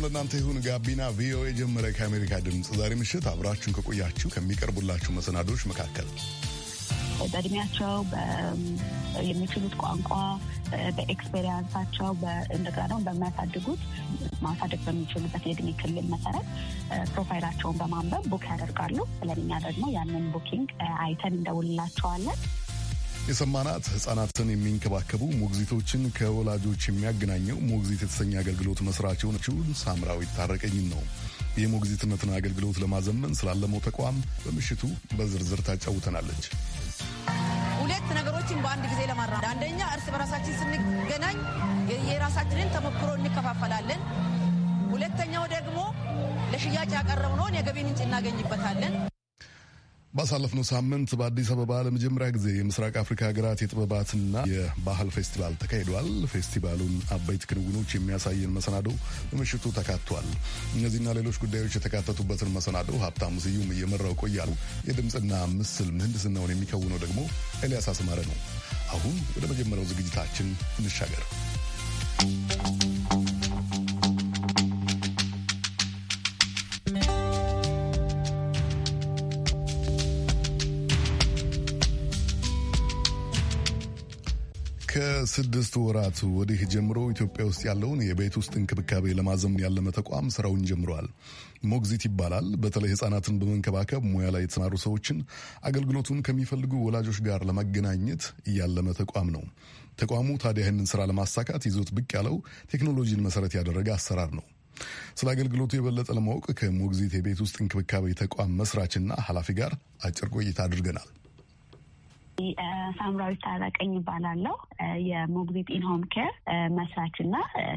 ሰላም ለእናንተ ይሁን። ጋቢና ቪኦኤ ጀመረ። ከአሜሪካ ድምፅ ዛሬ ምሽት አብራችሁን ከቆያችሁ ከሚቀርቡላችሁ መሰናዶች መካከል በእድሜያቸው የሚችሉት ቋንቋ፣ በኤክስፔሪንሳቸው እንደገና ደግሞ በሚያሳድጉት ማሳደግ በሚችሉበት የእድሜ ክልል መሰረት ፕሮፋይላቸውን በማንበብ ቡክ ያደርጋሉ። ስለኛ ደግሞ ያንን ቡኪንግ አይተን እንደውልላቸዋለን። የሰማናት ህጻናትን የሚንከባከቡ ሞግዚቶችን ከወላጆች የሚያገናኘው ሞግዚት የተሰኘ አገልግሎት መስራች የሆነችውን ሳምራዊ ታረቀኝን ነው። የሞግዚትነትን አገልግሎት ለማዘመን ስላለመው ተቋም በምሽቱ በዝርዝር ታጫውተናለች። ሁለት ነገሮችን በአንድ ጊዜ ለማራመድ አንደኛ፣ እርስ በራሳችን ስንገናኝ የራሳችንን ተሞክሮ እንከፋፈላለን። ሁለተኛው ደግሞ ለሽያጭ ያቀረብነውን የገቢ ምንጭ እናገኝበታለን። ባሳለፍነው ሳምንት በአዲስ አበባ ለመጀመሪያ ጊዜ የምስራቅ አፍሪካ ሀገራት የጥበባትና የባህል ፌስቲቫል ተካሂደዋል። ፌስቲቫሉን አበይት ክንውኖች የሚያሳየን መሰናዶ በምሽቱ ተካቷል። እነዚህና ሌሎች ጉዳዮች የተካተቱበትን መሰናዶ ሀብታሙ ስዩም እየመራው ቆያሉ። የድምፅና ምስል ምህንድስናውን የሚከውነው ደግሞ ኤልያስ አስማረ ነው። አሁን ወደ መጀመሪያው ዝግጅታችን እንሻገር። ከስድስት ወራት ወዲህ ጀምሮ ኢትዮጵያ ውስጥ ያለውን የቤት ውስጥ እንክብካቤ ለማዘመን ያለመ ተቋም ስራውን ጀምረዋል። ሞግዚት ይባላል። በተለይ ህጻናትን በመንከባከብ ሙያ ላይ የተሰማሩ ሰዎችን አገልግሎቱን ከሚፈልጉ ወላጆች ጋር ለማገናኘት እያለመ ተቋም ነው። ተቋሙ ታዲያ ይህንን ስራ ለማሳካት ይዞት ብቅ ያለው ቴክኖሎጂን መሰረት ያደረገ አሰራር ነው። ስለ አገልግሎቱ የበለጠ ለማወቅ ከሞግዚት የቤት ውስጥ እንክብካቤ ተቋም መስራችና ኃላፊ ጋር አጭር ቆይታ አድርገናል። ሳምራዊት ታረቀኝ ይባላለሁ። የሞግዚት ኢንሆም ኬር መስራችና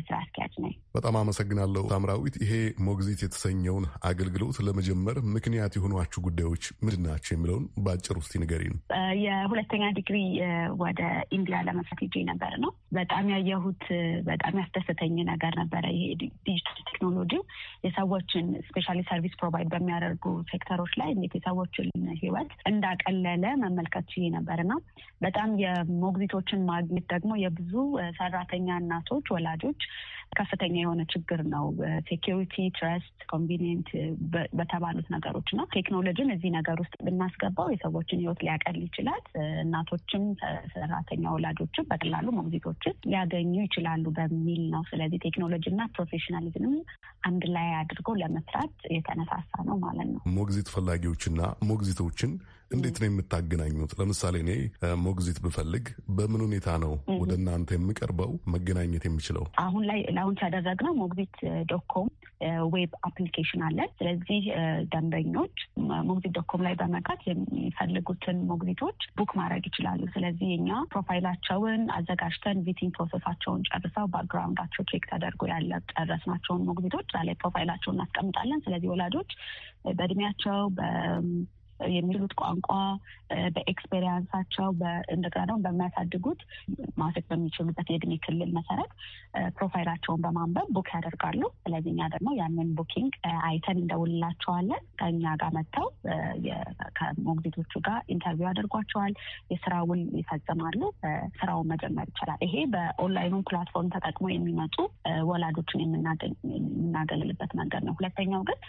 ስራ አስኪያጅ ነኝ። በጣም አመሰግናለሁ ሳምራዊት። ይሄ ሞግዚት የተሰኘውን አገልግሎት ለመጀመር ምክንያት የሆኗችሁ ጉዳዮች ምንድን ናቸው የሚለውን በአጭር ውስጥ ንገሪ ነው። የሁለተኛ ዲግሪ ወደ ኢንዲያ ለመስራት ሄጄ ነበር ነው በጣም ያየሁት በጣም ያስደሰተኝ ነገር ነበረ። ይሄ ዲጂታል ቴክኖሎጂው የሰዎችን ስፔሻሊ ሰርቪስ ፕሮቫይድ በሚያደርጉ ሴክተሮች ላይ እንዴት የሰዎችን ህይወት እንዳቀለለ መመልከት ችዬ ነበር። ነበርና በጣም የሞግዚቶችን ማግኘት ደግሞ የብዙ ሰራተኛ እናቶች ወላጆች ከፍተኛ የሆነ ችግር ነው። ሴኪሪቲ፣ ትረስት፣ ኮንቪኒንት በተባሉት ነገሮች ነው። ቴክኖሎጂን እዚህ ነገር ውስጥ ብናስገባው የሰዎችን ህይወት ሊያቀል ይችላል። እናቶችም፣ ሰራተኛ ወላጆችም በቀላሉ ሞግዚቶችን ሊያገኙ ይችላሉ በሚል ነው። ስለዚህ ቴክኖሎጂ እና ፕሮፌሽናሊዝምም አንድ ላይ አድርጎ ለመስራት የተነሳሳ ነው ማለት ነው። ሞግዚት ፈላጊዎችና ሞግዚቶችን እንዴት ነው የምታገናኙት? ለምሳሌ እኔ ሞግዚት ብፈልግ በምን ሁኔታ ነው ወደ እናንተ የምቀርበው መገናኘት የምችለው? አሁን ላይ ላውንች ያደረግነው ሞግዚት ዶኮም ዌብ አፕሊኬሽን አለ ስለዚህ ደንበኞች ሞግዚት ዶኮም ላይ በመግባት የሚፈልጉትን ሞግዚቶች ቡክ ማድረግ ይችላሉ። ስለዚህ እኛ ፕሮፋይላቸውን አዘጋጅተን ቪቲንግ ፕሮሰሳቸውን ጨርሰው ባክግራውንዳቸው ቼክ ተደርጎ ያለ ጨረስናቸውን ሞግዚቶች ላይ ፕሮፋይላቸውን እናስቀምጣለን። ስለዚህ ወላጆች በእድሜያቸው የሚሉት ቋንቋ በኤክስፔሪንሳቸው እንደገና ደግሞ በሚያሳድጉት ማሴት በሚችሉበት የእድሜ ክልል መሰረት ፕሮፋይላቸውን በማንበብ ቡክ ያደርጋሉ። ስለዚህ እኛ ደግሞ ያንን ቡኪንግ አይተን እንደውልላቸዋለን። ከእኛ ጋር መጥተው ከሞግዚቶቹ ጋር ኢንተርቪው ያደርጓቸዋል። የስራ ውል ይፈጽማሉ። ስራውን መጀመር ይችላል። ይሄ በኦንላይኑ ፕላትፎርም ተጠቅሞ የሚመጡ ወላጆችን የምናገልልበት መንገድ ነው። ሁለተኛው ግን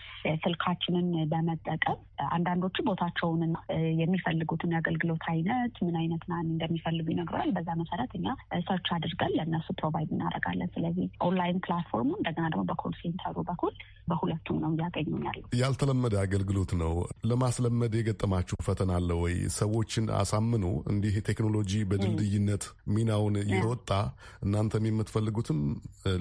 ስልካችንን በመጠቀም አንዳንዶቹ ቦታ የራሳቸውንና የሚፈልጉትን የአገልግሎት አይነት ምን አይነት እንደሚፈልጉ ይነግረዋል። በዛ መሰረት እኛ ሰርች አድርገን ለእነሱ ፕሮቫይድ እናደርጋለን። ስለዚህ ኦንላይን ፕላትፎርሙ እንደገና ደግሞ በኮል ሴንተሩ በኩል በሁለቱም ነው እያገኙ ያለው። ያልተለመደ አገልግሎት ነው። ለማስለመድ የገጠማችሁ ፈተና አለ ወይ? ሰዎችን አሳምኑ እንዲህ ቴክኖሎጂ በድልድይነት ሚናውን የወጣ እናንተም የምትፈልጉትም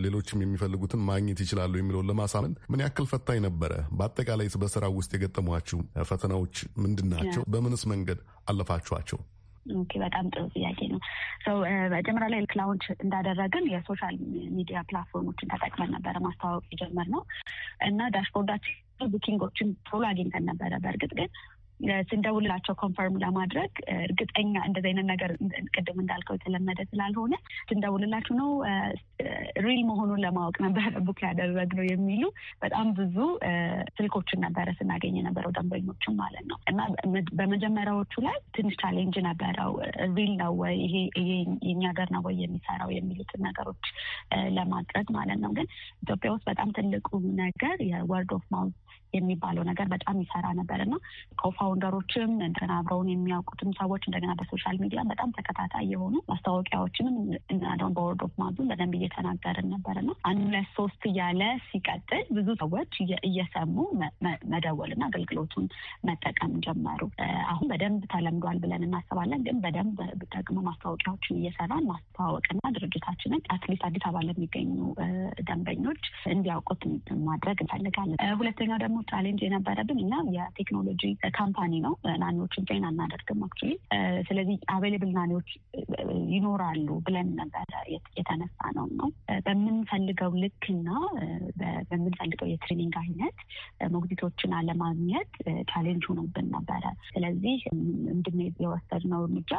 ሌሎችም የሚፈልጉትን ማግኘት ይችላሉ የሚለውን ለማሳመን ምን ያክል ፈታኝ ነበረ? በአጠቃላይ በስራው ውስጥ የገጠሟችሁ ፈተናዎች ምንድን ናቸው? በምንስ መንገድ አለፋችኋቸው? ኦኬ፣ በጣም ጥሩ ጥያቄ ነው። ሰው መጀመሪያ ላይ ላውንች እንዳደረግን የሶሻል ሚዲያ ፕላትፎርሞችን ተጠቅመን ነበረ ማስተዋወቅ የጀመርነው እና ዳሽቦርዳችን ቡኪንጎችን ቶሎ አግኝተን ነበረ። በእርግጥ ግን ስንደውልላቸው ኮንፈርም ለማድረግ እርግጠኛ እንደዚህ አይነት ነገር ቅድም እንዳልከው የተለመደ ስላልሆነ ስንደውልላችሁ ነው ሪል መሆኑን ለማወቅ ነበረ ቡክ ነው የሚሉ በጣም ብዙ ስልኮችን ነበረ ስናገኝ የነበረው ደንበኞችም ማለት ነው። እና በመጀመሪያዎቹ ላይ ትንሽ ቻሌንጅ ነበረው። ሪል ነው ወይ ይሄ የኛ ሀገር ነው ወይ የሚሰራው የሚሉትን ነገሮች ለማቅረብ ማለት ነው። ግን ኢትዮጵያ ውስጥ በጣም ትልቁ ነገር የወርድ ኦፍ ማውዝ የሚባለው ነገር በጣም ይሰራ ነበር እና ኮፋውንደሮችም እንደገና አብረውን የሚያውቁትም ሰዎች እንደገና በሶሻል ሚዲያ በጣም ተከታታይ የሆኑ ማስታወቂያዎችንም እናደውን ደሁን በወርድ ኦፍ በደንብ እየተናገርን ነበር እና አንድ ሁለት ሶስት እያለ ሲቀጥል ብዙ ሰዎች እየሰሙ መደወል እና አገልግሎቱን መጠቀም ጀመሩ። አሁን በደንብ ተለምዷል ብለን እናስባለን። ግን በደንብ ደግሞ ማስታወቂያዎችን እየሰራን ማስተዋወቅና ድርጅታችንን አትሊስት አዲስ አበባ ለሚገኙ ደንበኞች እንዲያውቁት ማድረግ እንፈልጋለን። ሁለተኛው ደግሞ ቻሌንጅ የነበረብን እኛ የቴክኖሎጂ ካምፓኒ ነው። ናኒዎችን ጤና እናደርግም አክቹዋሊ። ስለዚህ አቬሌብል ናኒዎች ይኖራሉ ብለን ነበረ የተነሳ ነው ነው በምንፈልገው ልክና በምንፈልገው የትሬኒንግ አይነት ሞግዚቶችን አለማግኘት ቻሌንጅ ሆኖብን ነበረ። ስለዚህ እንድንሄድ የወሰድነው እርምጃ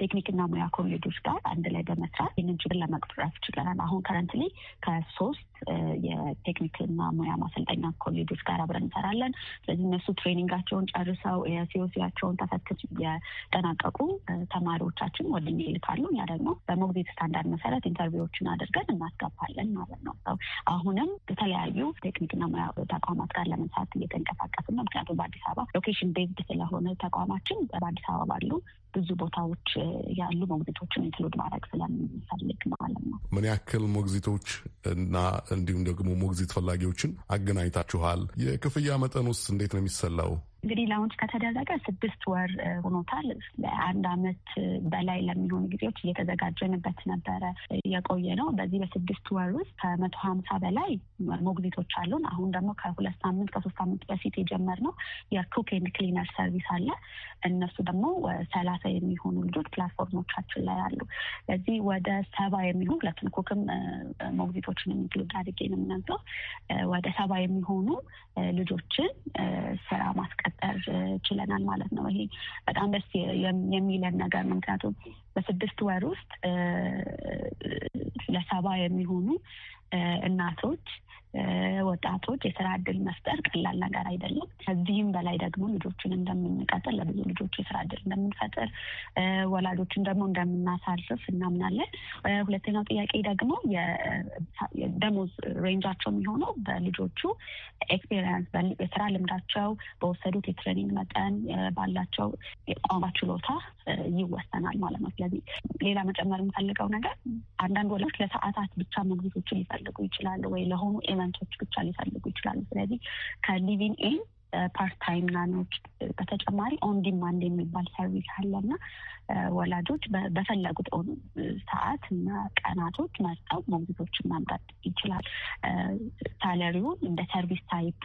ቴክኒክና ሙያ ኮሌጆች ጋር አንድ ላይ በመስራት ይህንን ችግር ለመቅረፍ ችለናል። አሁን ከረንትሊ ከሶስት የቴክኒክና ሙያ ማሰልጠኛ ኮሌጆች ጋር አብረን እንሰራለን። ስለዚህ እነሱ ትሬኒንጋቸውን ጨርሰው የሲኦሲያቸውን ተፈትሽ የጠናቀቁ ተማሪዎቻችን ወደ እኛ ይልካሉ። እኛ ደግሞ በሞግዚት ስታንዳርድ መሰረት ኢንተርቪዎችን አድርገን እናስገባለን ማለት ነው። አሁንም የተለያዩ ቴክኒክና ሙያ ተቋማት ጋር ለመንሳት እየተንቀሳቀስን ነው። ምክንያቱም በአዲስ አበባ ሎኬሽን ቤዝድ ስለሆነ ተቋማችን በአዲስ አበባ ባሉ ብዙ ቦታዎች ያሉ ሞግዚቶችን ኢንክሉድ ማድረግ ስለምንፈልግ ማለት ነው። ምን ያክል ሞግዚቶች እና እንዲሁም ደግሞ ሞግዚት ፈላጊዎችን አገናኝታችኋል። የክፍያ መጠን ውስጥ እንዴት ነው የሚሰላው? እንግዲህ ላውንች ከተደረገ ስድስት ወር ሆኖታል። ለአንድ አመት በላይ ለሚሆኑ ጊዜዎች እየተዘጋጀንበት ነበረ የቆየ ነው። በዚህ በስድስት ወር ውስጥ ከመቶ ሀምሳ በላይ ሞግዚቶች አሉን። አሁን ደግሞ ከሁለት ሳምንት ከሶስት ሳምንት በፊት የጀመርነው የኩክ ኤንድ ክሊነር ሰርቪስ አለ። እነሱ ደግሞ ሰላሳ የሚሆኑ ልጆች ፕላትፎርሞቻችን ላይ አሉ። ለዚህ ወደ ሰባ የሚሆኑ ሁለቱን ኩክም ሞግዚቶችን ኢንክሉድ አድርጌ ነው የምናንሰው ወደ ሰባ የሚሆኑ ልጆችን ስራ ማስቀ መቀጠር ችለናል ማለት ነው። ይሄ በጣም ደስ የሚለን ነገር ነው። ምክንያቱም በስድስት ወር ውስጥ ለሰባ የሚሆኑ እናቶች ወጣቶች የስራ እድል መፍጠር ቀላል ነገር አይደለም። ከዚህም በላይ ደግሞ ልጆችን እንደምንቀጥል ለብዙ ልጆች የስራ እድል እንደምንፈጥር ወላጆችን ደግሞ እንደምናሳርፍ እናምናለን። ሁለተኛው ጥያቄ ደግሞ ደሞዝ ሬንጃቸው የሚሆነው በልጆቹ ኤክስፔሪንስ፣ የስራ ልምዳቸው፣ በወሰዱት የትሬኒንግ መጠን፣ ባላቸው የቋንቋ ችሎታ ይወሰናል ማለት ነው። ስለዚህ ሌላ መጨመር የምፈልገው ነገር አንዳንድ ወላጆች ለሰዓታት ብቻ መግቢቶችን ሊፈልጉ ይችላሉ ወይ ለሆኑ ሬስቶራንቶች ብቻ ሊፈልጉ ይችላሉ። ስለዚህ ከሊቪን ኢን ፓርትታይም ናኖች በተጨማሪ ኦን ዲማንድ የሚባል ሰርቪስ አለና ወላጆች በፈለጉት ሰዓት እና ቀናቶች መርጠው ሞግዚቶችን ማምጣት ይችላል። ሳለሪውን እንደ ሰርቪስ ታይፑ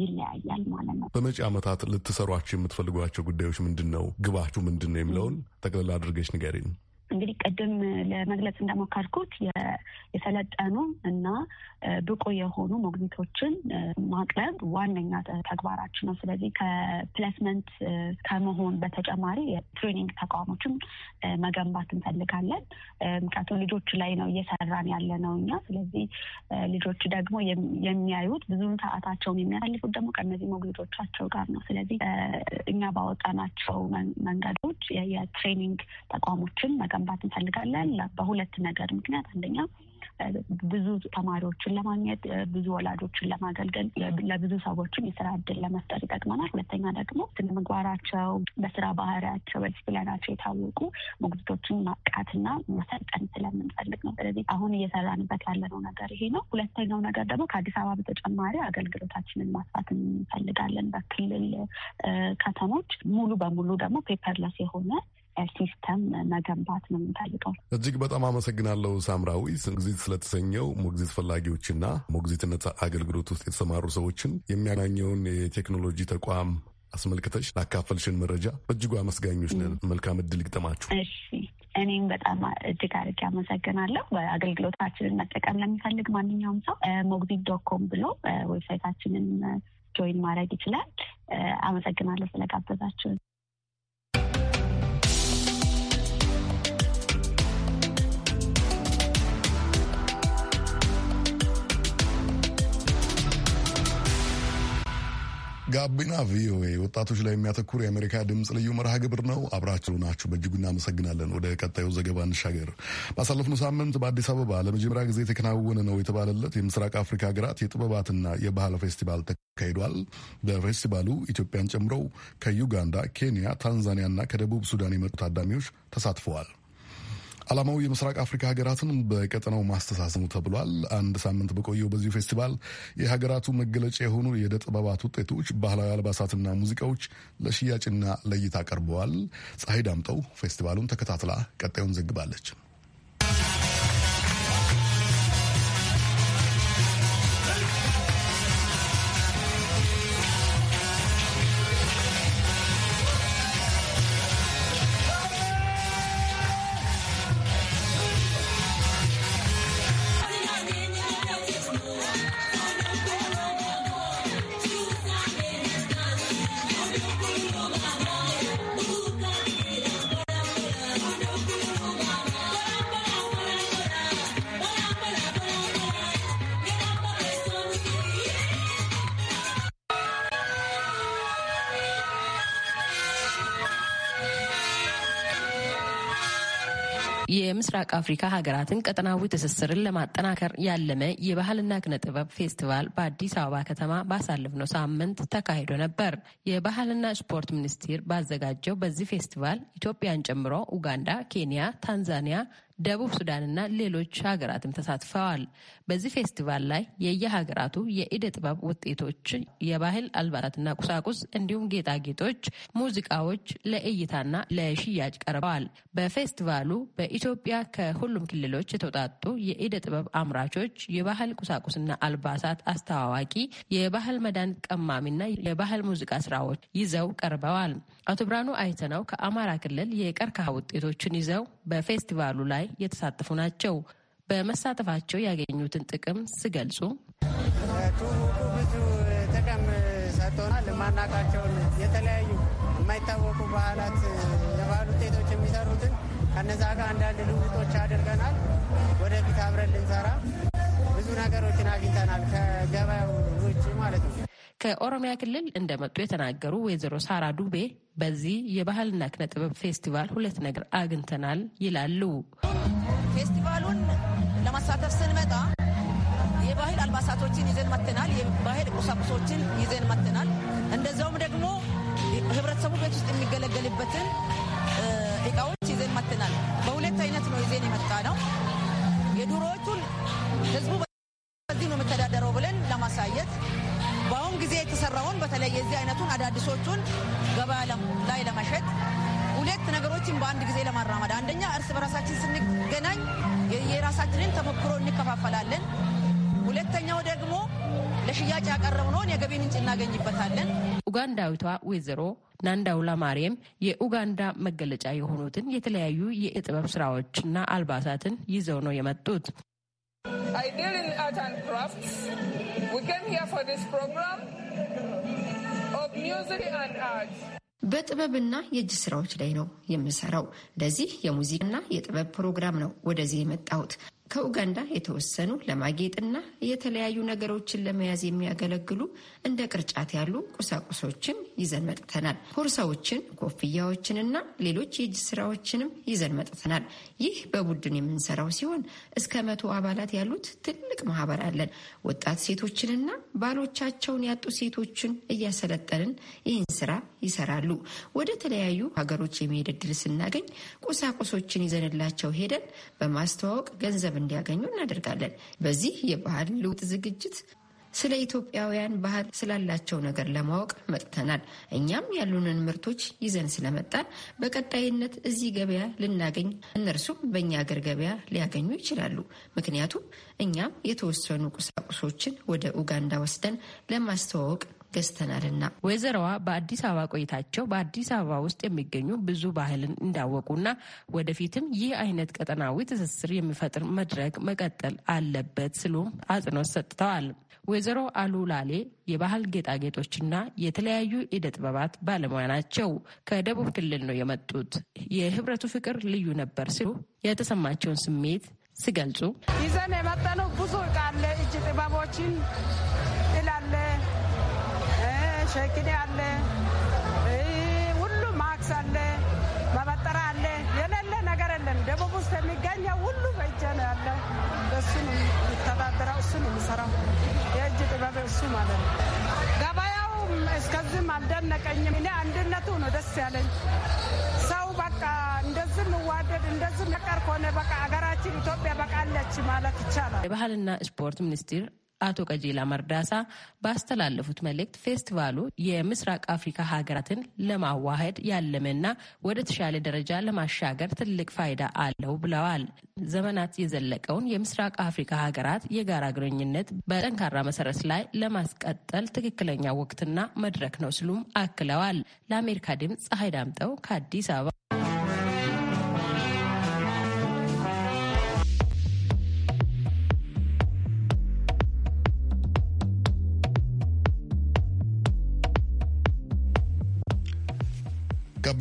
ይለያያል ማለት ነው። በመጪ ዓመታት ልትሰሯቸው የምትፈልጓቸው ጉዳዮች ምንድን ነው? ግባችሁ ምንድን ነው የሚለውን ጠቅልላ አድርገች ንገሪን። እንግዲህ ቅድም ለመግለጽ እንደሞከርኩት የሰለጠኑ እና ብቁ የሆኑ ሞግኒቶችን ማቅረብ ዋነኛ ተግባራችን ነው። ስለዚህ ከፕሌስመንት ከመሆን በተጨማሪ የትሬኒንግ ተቋሞችን መገንባት እንፈልጋለን። ምክንያቱም ልጆች ላይ ነው እየሰራን ያለ ነው እኛ። ስለዚህ ልጆች ደግሞ የሚያዩት ብዙም ሰዓታቸውን የሚያሳልፉት ደግሞ ከእነዚህ ሞግኒቶቻቸው ጋር ነው። ስለዚህ እኛ ባወጣናቸው መንገዶች የትሬኒንግ ተቋሞችን መገ መገንባት እንፈልጋለን። በሁለት ነገር ምክንያት አንደኛ ብዙ ተማሪዎችን ለማግኘት ብዙ ወላጆችን ለማገልገል ለብዙ ሰዎችም የስራ እድል ለመፍጠር ይጠቅመናል። ሁለተኛ ደግሞ ስነ ምግባራቸው፣ በስራ ባህሪያቸው፣ በዲስፕሊናቸው የታወቁ ሞግዚቶችን ማቃትና መሰልጠን ስለምንፈልግ ነው። ስለዚህ አሁን እየሰራንበት ያለነው ነገር ይሄ ነው። ሁለተኛው ነገር ደግሞ ከአዲስ አበባ በተጨማሪ አገልግሎታችንን ማስፋት እንፈልጋለን። በክልል ከተሞች ሙሉ በሙሉ ደግሞ ፔፐርለስ የሆነ ሲስተም መገንባት ነው የምንፈልገው። እጅግ በጣም አመሰግናለሁ ሳምራዊ። ሞግዚት ስለተሰኘው ሞግዚት ፈላጊዎችና ሞግዚትነት አገልግሎት ውስጥ የተሰማሩ ሰዎችን የሚያገኘውን የቴክኖሎጂ ተቋም አስመልክተሽ ላካፈልሽን መረጃ በእጅጉ አመስጋኞች ነን። መልካም እድል ይግጠማችሁ። እሺ፣ እኔም በጣም እጅግ አድርጌ አመሰግናለሁ። አገልግሎታችንን መጠቀም ለሚፈልግ ማንኛውም ሰው ሞግዚት ዶት ኮም ብሎ ዌብሳይታችንን ጆይን ማድረግ ይችላል። አመሰግናለሁ ስለጋበዛችሁን። ጋቢና ቪኦኤ ወጣቶች ላይ የሚያተኩር የአሜሪካ ድምፅ ልዩ መርሃ ግብር ነው። አብራችሁ ናችሁ በእጅጉ እናመሰግናለን። ወደ ቀጣዩ ዘገባ እንሻገር። ባሳለፍነው ሳምንት በአዲስ አበባ ለመጀመሪያ ጊዜ የተከናወነ ነው የተባለለት የምስራቅ አፍሪካ ሀገራት የጥበባትና የባህል ፌስቲቫል ተካሂዷል። በፌስቲቫሉ ኢትዮጵያን ጨምረው ከዩጋንዳ፣ ኬንያ፣ ታንዛኒያና ከደቡብ ሱዳን የመጡ ታዳሚዎች ተሳትፈዋል። ዓላማው የምስራቅ አፍሪካ ሀገራትን በቀጠናው ማስተሳሰሙ ተብሏል። አንድ ሳምንት በቆየው በዚሁ ፌስቲቫል የሀገራቱ መገለጫ የሆኑ የዕደ ጥበባት ውጤቶች፣ ባህላዊ አልባሳትና ሙዚቃዎች ለሽያጭና ለእይታ ቀርበዋል። ፀሐይ ዳምጠው ፌስቲቫሉን ተከታትላ ቀጣዩን ዘግባለች። የምስራቅ አፍሪካ ሀገራትን ቀጠናዊ ትስስርን ለማጠናከር ያለመ የባህልና ክነ ጥበብ ፌስቲቫል በአዲስ አበባ ከተማ ባሳለፍነው ሳምንት ተካሂዶ ነበር። የባህልና ስፖርት ሚኒስቴር ባዘጋጀው በዚህ ፌስቲቫል ኢትዮጵያን ጨምሮ ኡጋንዳ፣ ኬንያ፣ ታንዛኒያ ደቡብ ሱዳንና ሌሎች ሀገራትም ተሳትፈዋል። በዚህ ፌስቲቫል ላይ የየሀገራቱ የእደ ጥበብ ውጤቶች፣ የባህል አልባሳትና ቁሳቁስ እንዲሁም ጌጣጌጦች፣ ሙዚቃዎች ለእይታና ለሽያጭ ቀርበዋል። በፌስቲቫሉ በኢትዮጵያ ከሁሉም ክልሎች የተውጣጡ የእደ ጥበብ አምራቾች፣ የባህል ቁሳቁስና አልባሳት አስተዋዋቂ፣ የባህል መድኃኒት ቀማሚና የባህል ሙዚቃ ስራዎች ይዘው ቀርበዋል። አቶ ብርሃኑ አይተነው ከአማራ ክልል የቀርከሃ ውጤቶችን ይዘው በፌስቲቫሉ ላይ የተሳተፉ ናቸው። በመሳተፋቸው ያገኙትን ጥቅም ሲገልጹ ብዙ ጥቅም ሰጥቶናል። የማናቃቸውን የተለያዩ የማይታወቁ ባህላት የባህል ውጤቶች የሚሰሩትን ከነዛ ጋር አንዳንድ ልውጦች አድርገናል። ወደፊት አብረን ልንሰራ ብዙ ነገሮችን አግኝተናል፣ ከገበያው ውጭ ማለት ነው። ከኦሮሚያ ክልል እንደመጡ የተናገሩ ወይዘሮ ሳራ ዱቤ በዚህ የባህልና ኪነ ጥበብ ፌስቲቫል ሁለት ነገር አግኝተናል ይላሉ። ፌስቲቫሉን ለማሳተፍ ስንመጣ የባህል አልባሳቶችን ይዘን መጥተናል። የባህል ቁሳቁሶችን ይዘን መጥተናል። እንደዚያውም ደግሞ ህብረተሰቡ ቤት ውስጥ የሚገለገልበትን እቃዎች የተሰራውን በተለይ የዚህ አይነቱን አዳዲሶቹን ገበያ ላይ ለመሸጥ ሁለት ነገሮችን በአንድ ጊዜ ለማራመድ፣ አንደኛ እርስ በራሳችን ስንገናኝ የራሳችንን ተሞክሮ እንከፋፈላለን። ሁለተኛው ደግሞ ለሽያጭ ያቀረብነውን የገቢ ምንጭ እናገኝበታለን። ኡጋንዳዊቷ ወይዘሮ ናንዳውላ ማርያም የኡጋንዳ መገለጫ የሆኑትን የተለያዩ የጥበብ ስራዎችና አልባሳትን ይዘው ነው የመጡት። I deal in art and crafts. We came here for this program. በጥበብና የእጅ ስራዎች ላይ ነው የምሰራው። ለዚህ የሙዚቃና የጥበብ ፕሮግራም ነው ወደዚህ የመጣሁት። ከኡጋንዳ የተወሰኑ ለማጌጥና የተለያዩ ነገሮችን ለመያዝ የሚያገለግሉ እንደ ቅርጫት ያሉ ቁሳቁሶችን ይዘን መጥተናል። ቦርሳዎችን፣ ኮፍያዎችንና ሌሎች የእጅ ስራዎችንም ይዘን መጥተናል። ይህ በቡድን የምንሰራው ሲሆን እስከ መቶ አባላት ያሉት ትልቅ ማህበር አለን። ወጣት ሴቶችንና ባሎቻቸውን ያጡ ሴቶችን እያሰለጠንን ይህን ስራ ይሰራሉ። ወደ ተለያዩ ሀገሮች የመሄድ እድል ስናገኝ ቁሳቁሶችን ይዘንላቸው ሄደን በማስተዋወቅ ገንዘብ እንዲያገኙ እናደርጋለን። በዚህ የባህል ልውጥ ዝግጅት ስለ ኢትዮጵያውያን ባህል ስላላቸው ነገር ለማወቅ መጥተናል። እኛም ያሉንን ምርቶች ይዘን ስለመጣን በቀጣይነት እዚህ ገበያ ልናገኝ፣ እነርሱም በእኛ አገር ገበያ ሊያገኙ ይችላሉ። ምክንያቱም እኛም የተወሰኑ ቁሳቁሶችን ወደ ኡጋንዳ ወስደን ለማስተዋወቅ ገዝተናልና። ወይዘሮዋ በአዲስ አበባ ቆይታቸው በአዲስ አበባ ውስጥ የሚገኙ ብዙ ባህልን እንዳወቁና ወደፊትም ይህ አይነት ቀጠናዊ ትስስር የሚፈጥር መድረክ መቀጠል አለበት ስሉም አጽንኦት ሰጥተዋል። ወይዘሮ አሉላሌ የባህል ጌጣጌጦችና የተለያዩ ኢደ ጥበባት ባለሙያ ናቸው። ከደቡብ ክልል ነው የመጡት። የህብረቱ ፍቅር ልዩ ነበር ሲሉ የተሰማቸውን ስሜት ሲገልጹ ይዘን የመጠኑ ብዙ እቃ አለ እጅ ጥበቦችን ሸኪኔ አለ፣ ሁሉ ማክስ አለ፣ መበጠራ አለ። የሌለ ነገር የለም። ደቡብ ውስጥ የሚገኘው ሁሉ በእጀ ነው ያለ። እሱ ነው የሚተዳደረው፣ እሱ ነው የሚሰራው። የእጅ ጥበብ እሱ ማለት ነው። ገበያው እስከዚህም አልደነቀኝም። እኔ አንድነቱ ነው ደስ ያለኝ። ሰው በቃ እንደዚህ ምዋደድ እንደዚህ መቀር ከሆነ በቃ አገራችን ኢትዮጵያ በቃለች ማለት ይቻላል። የባህልና ስፖርት ሚኒስቴር አቶ ቀጀላ መርዳሳ ባስተላለፉት መልእክት ፌስቲቫሉ የምስራቅ አፍሪካ ሀገራትን ለማዋሃድ ያለመና ወደ ተሻለ ደረጃ ለማሻገር ትልቅ ፋይዳ አለው ብለዋል። ዘመናት የዘለቀውን የምስራቅ አፍሪካ ሀገራት የጋራ ግንኙነት በጠንካራ መሰረት ላይ ለማስቀጠል ትክክለኛ ወቅትና መድረክ ነው ሲሉም አክለዋል። ለአሜሪካ ድምፅ ፀሐይ ዳምጠው ከአዲስ አበባ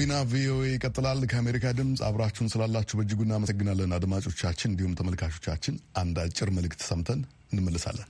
ጋቢና ቪኦኤ ይቀጥላል። ከአሜሪካ ድምፅ አብራችሁን ስላላችሁ በእጅጉ እናመሰግናለን አድማጮቻችን፣ እንዲሁም ተመልካቾቻችን። አንድ አጭር መልእክት ሰምተን እንመልሳለን።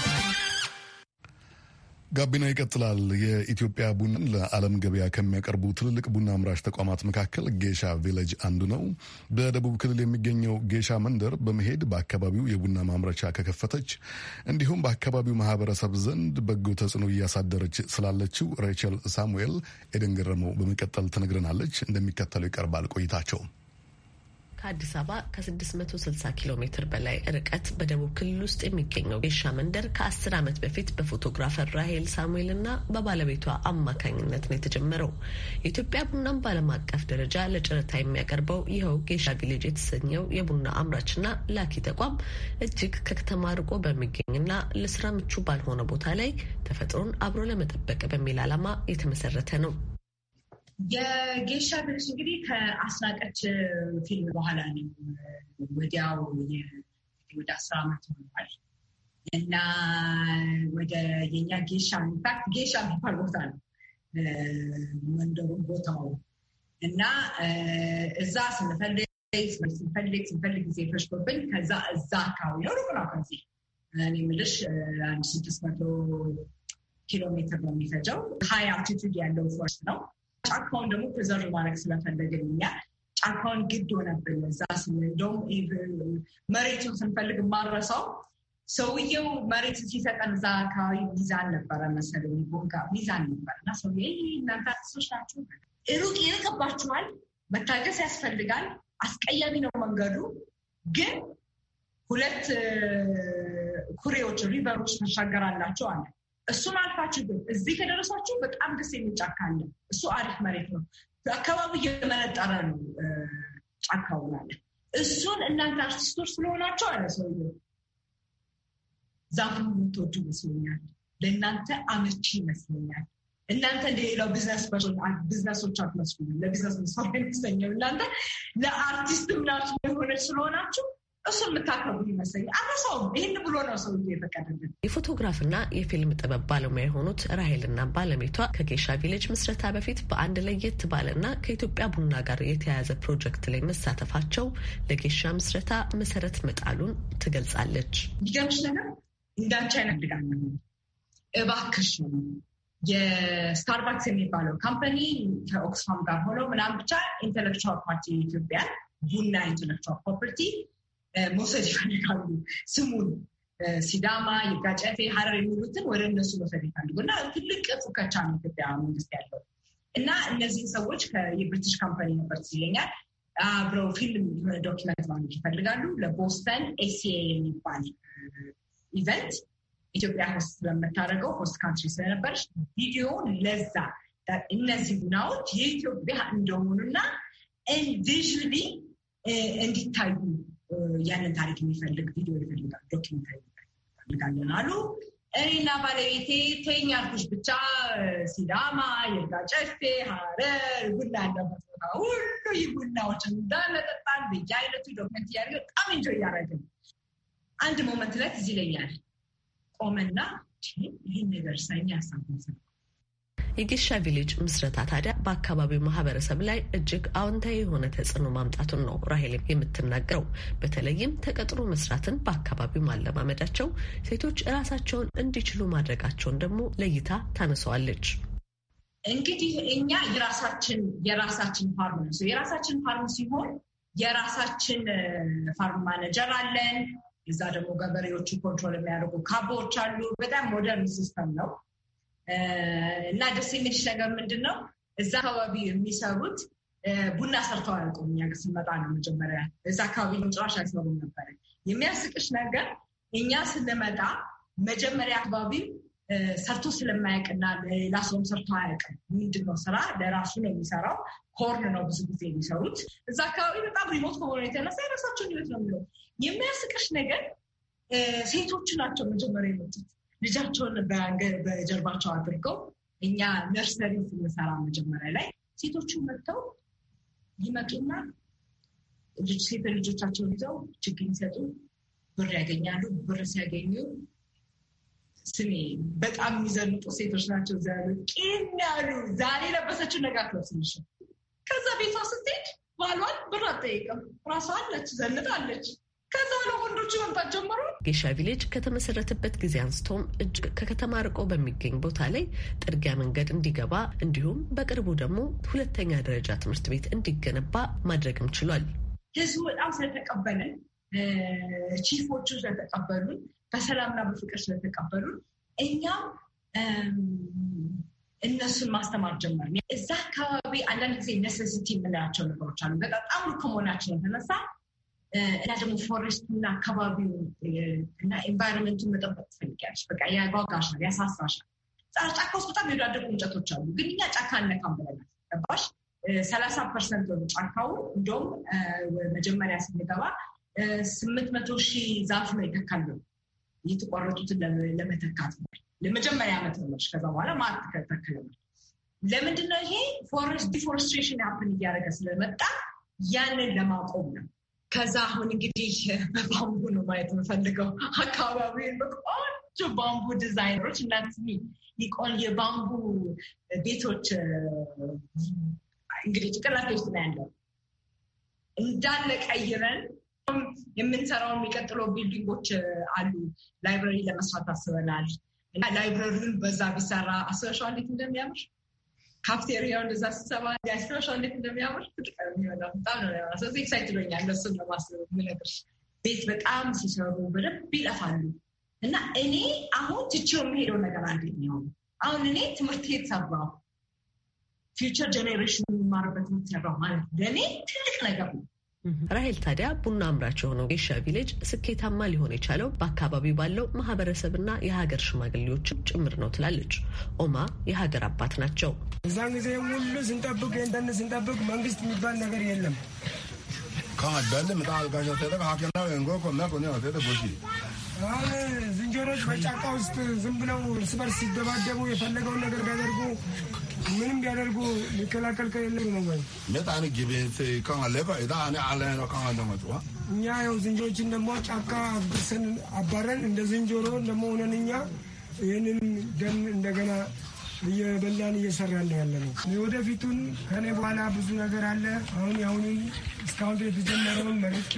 ጋቢና ይቀጥላል። የኢትዮጵያ ቡናን ለዓለም ገበያ ከሚያቀርቡ ትልልቅ ቡና አምራች ተቋማት መካከል ጌሻ ቪሌጅ አንዱ ነው። በደቡብ ክልል የሚገኘው ጌሻ መንደር በመሄድ በአካባቢው የቡና ማምረቻ ከከፈተች እንዲሁም በአካባቢው ማህበረሰብ ዘንድ በጎ ተጽዕኖ እያሳደረች ስላለችው ሬቸል ሳሙኤል ኤደን ገረመው በመቀጠል ትነግረናለች። እንደሚከተለው ይቀርባል ቆይታቸው ከአዲስ አበባ ከ660 ኪሎ ሜትር በላይ ርቀት በደቡብ ክልል ውስጥ የሚገኘው ጌሻ መንደር ከ10 ዓመት በፊት በፎቶግራፈር ራሄል ሳሙኤል እና በባለቤቷ አማካኝነት ነው የተጀመረው። የኢትዮጵያ ቡናም በዓለም አቀፍ ደረጃ ለጨረታ የሚያቀርበው ይኸው ጌሻ ቪሌጅ የተሰኘው የቡና አምራችና ላኪ ተቋም እጅግ ከከተማ ርቆ በሚገኝና ለስራ ምቹ ባልሆነ ቦታ ላይ ተፈጥሮን አብሮ ለመጠበቅ በሚል ዓላማ የተመሰረተ ነው። የጌሻ ድርሽ እንግዲህ ከአስናቀች ፊልም በኋላ ነው። ወዲያው ወደ አስር አመት ሆኗል እና ወደ የኛ ጌሻ ኢንፋክት ጌሻ የሚባል ቦታ ነው መንደሩም ቦታው እና እዛ ስንፈልግ ስንፈልግ ስንፈልግ ጊዜ ፈሽቶብን ከዛ እዛ አካባቢ ነው ሩቅ ከዚ ከዚህ እኔ የምልሽ አንድ ስድስት መቶ ኪሎ ሜትር ነው የሚፈጀው ሀይ አልቲቱድ ያለው ፎርስ ነው ጫካውን ደግሞ ፕሪዘርቭ ማድረግ ስለፈለግን እኛ ጫካውን ግድ ሆነብን። እዛ ስንል መሬቱን ስንፈልግ ማረሰው ሰውየው መሬት ሲሰጠን እዛ አካባቢ ሚዛን ነበረ መሰለኝ ቦጋ ሚዛን ነበር እና ሰው እናንተ አርቲስቶች ናችሁ፣ ሩቅ ይርቅባችኋል፣ መታገስ ያስፈልጋል። አስቀያሚ ነው መንገዱ ግን ሁለት ኩሬዎች ሪቨሮች ተሻገራላቸው አለ እሱን አልፋችሁ ግን እዚህ ከደረሳችሁ በጣም ደስ የሚል ጫካ አለ። እሱ አሪፍ መሬት ነው። አካባቢ እየመነጠረ ነው ጫካ ውላለ። እሱን እናንተ አርቲስቶች ስለሆናቸው አለ ሰውዬው ዛፉ ምቶች ይመስለኛል። ለእናንተ አመቺ ይመስለኛል። እናንተ እንደሌላው ቢዝነስ ቢዝነሶች አትመስሉ ለቢዝነስ መስፋ ይመስለኛል። እናንተ ለአርቲስት ምናችሁ የሆነች ስለሆናችሁ እሱን የምታከብሩ ይመስለኛል። አረሰውም ይህን ብሎ ነው ሰው የፈቀደልን። የፎቶግራፍና የፊልም ጥበብ ባለሙያ የሆኑት ራሄልና ባለቤቷ ከጌሻ ቪሌጅ ምስረታ በፊት በአንድ ለየት ባለና ከኢትዮጵያ ቡና ጋር የተያያዘ ፕሮጀክት ላይ መሳተፋቸው ለጌሻ ምስረታ መሰረት መጣሉን ትገልጻለች። ሊገምሽ ነገር እንዳንቺ አይነት ድጋፍ እባክሽ የስታርባክስ የሚባለው ካምፓኒ ከኦክስፋም ጋር ሆኖ ምናምን ብቻ ኢንተሌክቹዋል ፓርቲ ኢትዮጵያን ቡና ኢንተሌክቹዋል ፕሮፐርቲ መውሰድ ይፈልጋሉ። ስሙን ሲዳማ፣ ይጋጨፌ፣ ሀረር የሚሉትን ወደ እነሱ መውሰድ ይፈልጉ እና ትልቅ ፉከቻ ነው ኢትዮጵያ መንግስት ያለው እና እነዚህን ሰዎች የብሪቲሽ ካምፓኒ ነበር ይለኛል አብረው ፊልም ዶኪመንት ማድረግ ይፈልጋሉ። ለቦስተን ኤሲኤ የሚባል ኢቨንት ኢትዮጵያ ሆስት ስለምታደርገው ሆስት ካንትሪ ስለነበረች ቪዲዮ ለዛ እነዚህ ቡናዎች የኢትዮጵያ እንደሆኑና ቪዥሊ እንዲታዩ ያንን ታሪክ የሚፈልግ ቪዲዮ ይፈልጋል፣ ዶኪመንታሪ ይፈልጋለን አሉ። እኔና ባለቤቴ ተኝ አልኩሽ ብቻ ሲዳማ፣ የርጋ ጨፌ፣ ሀረር ቡና ያለበት ቦታ ሁሉ ይህ ቡናዎችን እንዳለ በየአይነቱ ዶክመንት እያደረገ በጣም እንጆ እያደረገ አንድ ሞመንት ላይ ትዝ ይለኛል ቆመና ይህን ነገር ሳይኛ ያሳሰ የጌሻ ቪሌጅ ምስረታ ታዲያ በአካባቢው ማህበረሰብ ላይ እጅግ አዎንታዊ የሆነ ተጽዕኖ ማምጣቱን ነው ራሄል የምትናገረው። በተለይም ተቀጥሮ መስራትን በአካባቢው ማለማመዳቸው ሴቶች እራሳቸውን እንዲችሉ ማድረጋቸውን ደግሞ ለይታ ታነሰዋለች። እንግዲህ እኛ የራሳችን የራሳችን ፋርም ነው የራሳችን ፋርም ሲሆን የራሳችን ፋርም ማኔጀር አለን። እዛ ደግሞ ገበሬዎቹ ኮንትሮል የሚያደርጉ ካቦዎች አሉ። በጣም ሞደርን ሲስተም ነው። እና ደስ የሚልሽ ነገር ምንድን ነው እዛ አካባቢ የሚሰሩት ቡና ሰርተው አያውቁም። እኛ ጋር ስንመጣ ነው መጀመሪያ። እዛ አካባቢ ጭራሽ አይሰሩም ነበረ። የሚያስቅሽ ነገር እኛ ስንመጣ መጀመሪያ አካባቢ ሰርቶ ስለማያውቅና ሌላ ሰውም ሰርቶ አያውቅም። ምንድነው ስራ ለራሱ ነው የሚሰራው። ኮርን ነው ብዙ ጊዜ የሚሰሩት እዛ አካባቢ በጣም ሪሞት ከሆነ የተነሳ የራሳቸውን ህይወት ነው የሚለው። የሚያስቅሽ ነገር ሴቶቹ ናቸው መጀመሪያ የመጡት ልጃቸውን በጀርባቸው አድርገው እኛ ነርሰሪ ስንሰራ መጀመሪያ ላይ ሴቶቹ መጥተው ይመጡና ሴት ልጆቻቸውን ይዘው ችግኝ ይሰጡ ብር ያገኛሉ። ብር ሲያገኙ ስሜ በጣም የሚዘንጡ ሴቶች ናቸው። እዛ ያሉ ቂም ያሉ ዛሬ ለበሰችው ነገር አትለብስም። ከዛ ቤቷ ስትሄድ ባሏን ብር አጠይቅም። ራሷ አለች፣ ዘንጣለች። ከዛ ለ ወንዶች መምጣት ጀመሩ። ጌሻ ቪሌጅ ከተመሰረተበት ጊዜ አንስቶም እጅግ ከከተማ ርቆ በሚገኝ ቦታ ላይ ጥርጊያ መንገድ እንዲገባ እንዲሁም በቅርቡ ደግሞ ሁለተኛ ደረጃ ትምህርት ቤት እንዲገነባ ማድረግም ችሏል። ህዝቡ በጣም ስለተቀበለን፣ ቺፎቹ ስለተቀበሉን፣ በሰላምና በፍቅር ስለተቀበሉን እኛም እነሱን ማስተማር ጀመር። እዛ አካባቢ አንዳንድ ጊዜ ነሰሲቲ የምንላቸው ነገሮች አሉ። በጣም ከመሆናችን የተነሳ እና ደግሞ ፎሬስቱና አካባቢውን እና ኤንቫይሮንመንቱን መጠበቅ ትፈልጊያለሽ። በቃ ያጓጓሻል፣ ያሳሳሻል። ጫካ ውስጥ በጣም የወዳደቁ እንጨቶች አሉ፣ ግን እኛ ጫካ አነካም ብለናል። ገባሽ? ሰላሳ ፐርሰንት ወደ ጫካው። እንደውም መጀመሪያ ስንገባ ስምንት መቶ ሺህ ዛፍ ነው ይተካል ነው የተቆረጡትን ለመተካት ለመጀመሪያ ዓመት ነች። ከዛ በኋላ ማት ተከለ። ለምንድነው ይሄ ዲፎረስትሬሽን ያፕን እያደረገ ስለመጣ ያንን ለማቆም ነው። ከዛ አሁን እንግዲህ በባምቡ ነው ማየት የምፈልገው አካባቢ በቆንጆ ባምቡ ዲዛይነሮች እናትሚ ሊቆን የባምቡ ቤቶች እንግዲህ ጭቅላቶች ላይ ያለው እንዳለ ቀይረን የምንሰራው የሚቀጥለው ቢልዲንጎች አሉ። ላይብረሪ ለመስራት አስበናል እና ላይብረሪውን በዛ ቢሰራ እንዴት እንደሚያምር ካፍቴሪያው እንደዛ ስሰማ ያስረሻው እንዴት እንደሚያምር ፍቅር የሚሆነው በጣም ነው። ስለዚህ ኤክሳይትድ ሆኛል እነሱን ለማስብ የምነግርሽ። ቤት በጣም ሲሰሩ በደንብ ይለፋሉ እና እኔ አሁን ትቼው የሚሄደው ነገር አገኘው። አሁን እኔ ትምህርት ቤት ሰራሁ ፊውቸር ጀኔሬሽን የሚማርበት የምትሰራው ማለት ለእኔ ትልቅ ነገር ነው። ራሄል ታዲያ ቡና አምራች የሆነው ጌሻ ቪሌጅ ስኬታማ ሊሆን የቻለው በአካባቢው ባለው ማህበረሰብና የሀገር ሽማግሌዎችም ጭምር ነው ትላለች። ኦማ የሀገር አባት ናቸው። እዛን ጊዜ ሁሉ ስንጠብቅ ንደን ስንጠብቅ መንግስት የሚባል ነገር የለም። ዝንጀሮች በጫካ ውስጥ ዝም ብለው እርስ በርስ ሲደባደቡ የፈለገውን ነገር ቢያደርጉ ምንም ቢያደርጉ ሊከላከል ከሌለ ነው ወይ እኛ ያው ዝንጀሮችን ደግሞ ጫካ አብሰን አባረን እንደ ዝንጀሮ ደግሞ ሆነን እኛ ይህንን ደን እንደገና እየበላን እየሰራ ነው ያለ ነው። ወደፊቱን ከኔ በኋላ ብዙ ነገር አለ። አሁን አሁንም እስካሁን የተጀመረውን መርቄ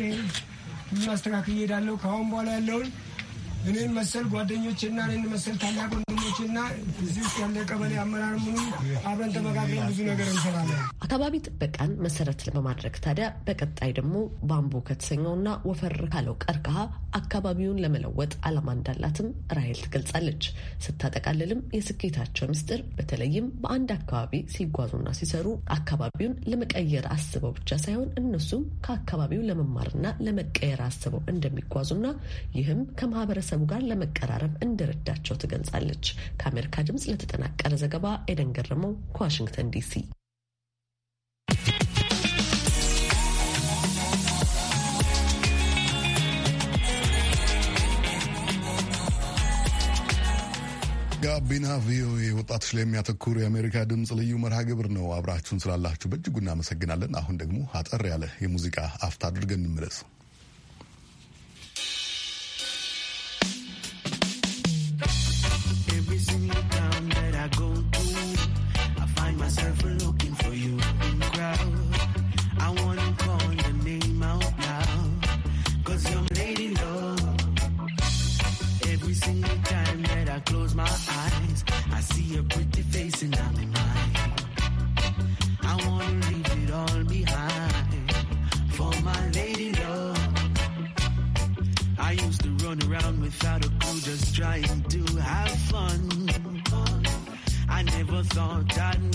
አስተካክዬ እሄዳለሁ። ከአሁን በኋላ ያለውን እኔን መሰል ጓደኞችና እኔን መሰል ታላቅ ወንድሞችና እዚህ ውስጥ ያለ ቀበሌ አመራር ምኑ አብረን ተመካክለን ብዙ ነገር እንሰራለን። አካባቢ ጥበቃን መሰረት በማድረግ ታዲያ በቀጣይ ደግሞ ባምቦ ከተሰኘውና ወፈር ካለው ቀርከሃ አካባቢውን ለመለወጥ አላማ እንዳላትም ራሄል ትገልጻለች። ስታጠቃልልም የስኬታቸው ምስጢር በተለይም በአንድ አካባቢ ሲጓዙና ሲሰሩ አካባቢውን ለመቀየር አስበው ብቻ ሳይሆን እነሱም ከአካባቢው ለመማርና ለመቀየር አስበው እንደሚጓዙና ይህም ከማህበረሰብ ከህብረተሰቡ ጋር ለመቀራረብ እንደረዳቸው ትገልጻለች። ከአሜሪካ ድምፅ ለተጠናቀረ ዘገባ ኤደን ገረመው ከዋሽንግተን ዲሲ። ጋቢና ቪኦኤ ወጣቶች ላይ የሚያተኩር የአሜሪካ ድምፅ ልዩ መርሃ ግብር ነው። አብራችሁን ስላላችሁ በእጅጉ እናመሰግናለን። አሁን ደግሞ አጠር ያለ የሙዚቃ አፍታ አድርገን እንመለስ። on, dotting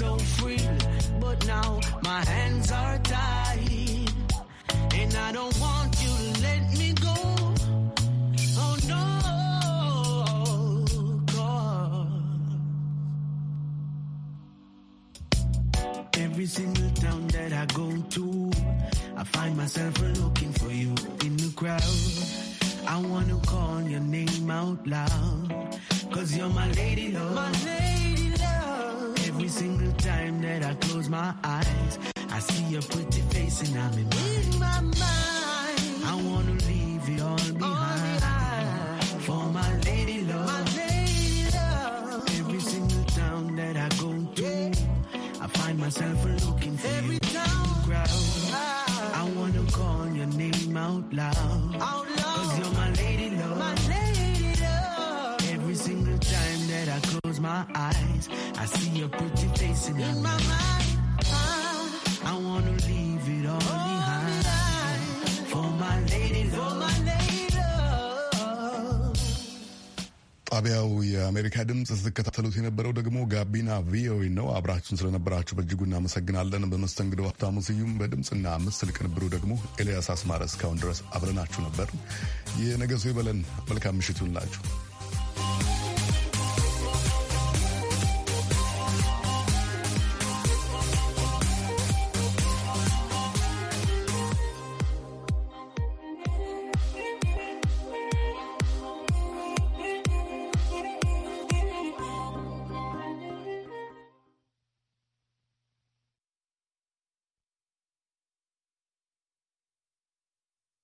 so free, but now my hands are tied, and I don't want you to let me go. Oh no, God. Every single town that I go to, I find myself looking for you in the crowd. I wanna call your name out loud, cause you're my lady love. My lady single time that I close my eyes, I see your pretty face and I'm in, in my mind. I wanna leave it all behind, all behind. for my lady love. My lady love. Every single town that I go to, yeah. I find myself looking for every you. town crowd. I, I wanna call your name out loud. Out I see your pretty face in, in my mind. I wanna leave it all oh, behind for my lady, for my lady. ጣቢያው የአሜሪካ ድምፅ ስትከታተሉት የነበረው ደግሞ ጋቢና ቪኦኤ ነው። አብራችሁን ስለነበራችሁ በእጅጉ እናመሰግናለን። በመስተንግዶ ሀብታሙ ስዩም፣ በድምፅና ምስል ቅንብሩ ደግሞ ኤልያስ አስማረ። እስካሁን ድረስ አብረናችሁ ነበር። የነገ ሰው ይበለን። መልካም ምሽት ይሁንላችሁ።